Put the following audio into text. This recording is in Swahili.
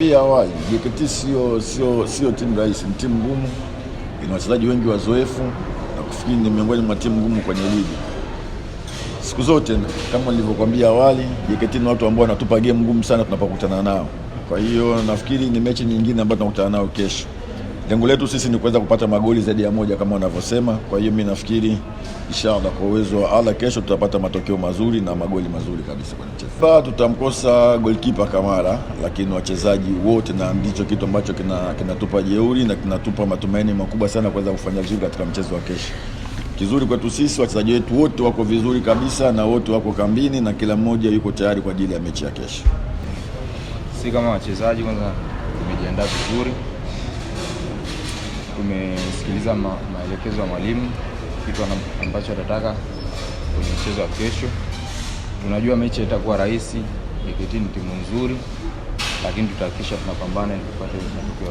Pia awali JKT sio sio sio timu rahisi, ni timu ngumu, ina wachezaji wengi wazoefu na kufikiri ni miongoni mwa timu ngumu kwenye ligi. Siku zote kama nilivyokuambia awali, JKT ni watu ambao wanatupa game ngumu sana tunapokutana nao. Kwa hiyo nafikiri ni mechi nyingine ambayo tunakutana nao kesho. Lengo letu sisi ni kuweza kupata magoli zaidi ya moja kama wanavyosema. Kwa hiyo mi nafikiri inshallah kwa uwezo wa Allah kesho tutapata matokeo mazuri na magoli mazuri kabisa kwenye mchezo. Tutamkosa goalkeeper Kamara, lakini wachezaji wote, na ndicho kitu ambacho kinatupa kina jeuri na kinatupa matumaini makubwa sana kuweza kufanya vizuri katika mchezo wa kesho. Kizuri kwetu sisi, wachezaji wetu wote wako vizuri kabisa na wote wako kambini na kila mmoja yuko tayari kwa ajili ya mechi ya kesho. Si kama wachezaji kwanza, tumejiandaa vizuri, tumesikiliza ma, maelekezo ya mwalimu kitu ambacho atataka kwenye mchezo wa kesho. Tunajua mechi itakuwa rahisi, JKT ni timu nzuri, lakini tutahakikisha tunapambana ili tupate matokeo.